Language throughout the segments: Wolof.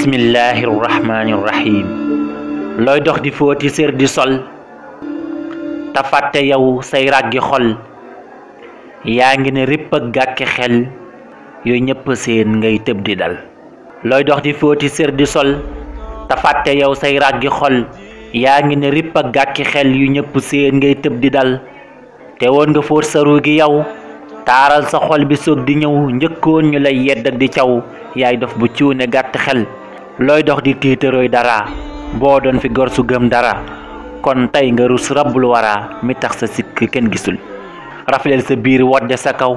bismillahi rahmaani rahim looy dox di fóoti sér di sol te fàtte yow say ràggi xol yaa ngi ne ripp ak gàkki xel yooyu ñëpp seen ngay tëb di dal looy dox di fóoti sér di sol te fàtte yow say ràggi xol yaa ngi ne ripp ak gàkki xel yu ñëpp seen ngay tëb di dal te woon nga fóot saru gi yow taaral sa xol bi soog di ñëw njëkkoon ñu lay yedd ak di caw yaay dof bu ciw ne gàtt xel looy dox di tiitarooy dara boo doon fi gor su gëm dara kon tey nga rus rabbul wara mi tax sa sikk kenn gisul rafleel sa biir wodde sa kaw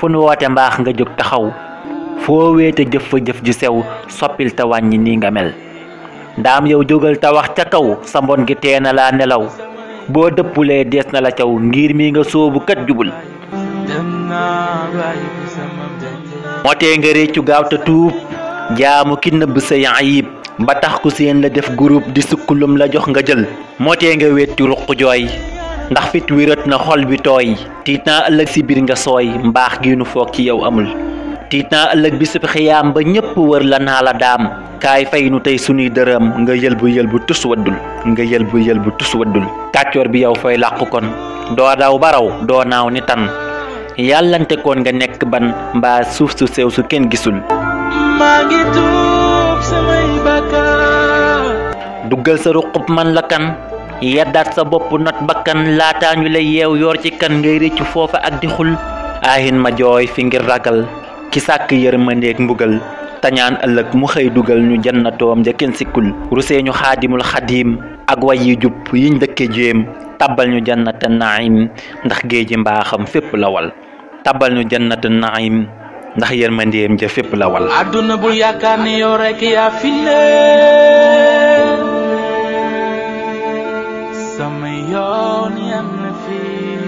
fu nu woote mbaax nga jóg taxaw foo wéete jëf fa jëf ju sew soppil te wàññi nii nga mel ndaam yow jógal te wax ca kaw sa mbon gi na laa nelaw boo dëppulee dees na la caw ngir mi nga soobu kat jubul moo tee nga réccu gaaw te tuub jaamu ki nëbb say ayib ba tax ku seen la def groupe di sukkulum la jox nga jël moo tee nga wetti ruq jooy ndax fit wi rët na xol bi tooy tiit naa ëllëg si biir nga sooy mbaax gi nu foog ci yow amul tiit naa ëllëg bi su xiyaam ba ñépp wër la naa la daam kaay fay nu tey sunuy dërëm nga yëlbu yëlbu tus waddul nga yëlbu yëlbu tus waddul kàccoor bi yow fooy làqu kon doo daw baraw doo naaw ni tan yàllante koon nga nekk ban mbaa suuf su sew su kenn gisul dugal ngi tuub samay sa ruqub man la kan yeddaat sa bopp not bakkan laataa ñu lay yeew yor ci kan ngay réccu foofa ak di xul aahin ma jooy fi ngir ragal ki sàkk yërmandeeg mbugal tañaan ëllëg mu xëy dugal ñu jannatoom ja kenn sikkul rusee ñu xaadimul xadiim ak way yi jub yiñ dëkke jéem tàbbal ñu jannata naim ndax géeji mbaaxam fépp la wal ñu jannata naim ndax yërmandeem ja fépp la wal àdduna bul yaakaar ni yow rek yaa fi leen sama yoon yam fii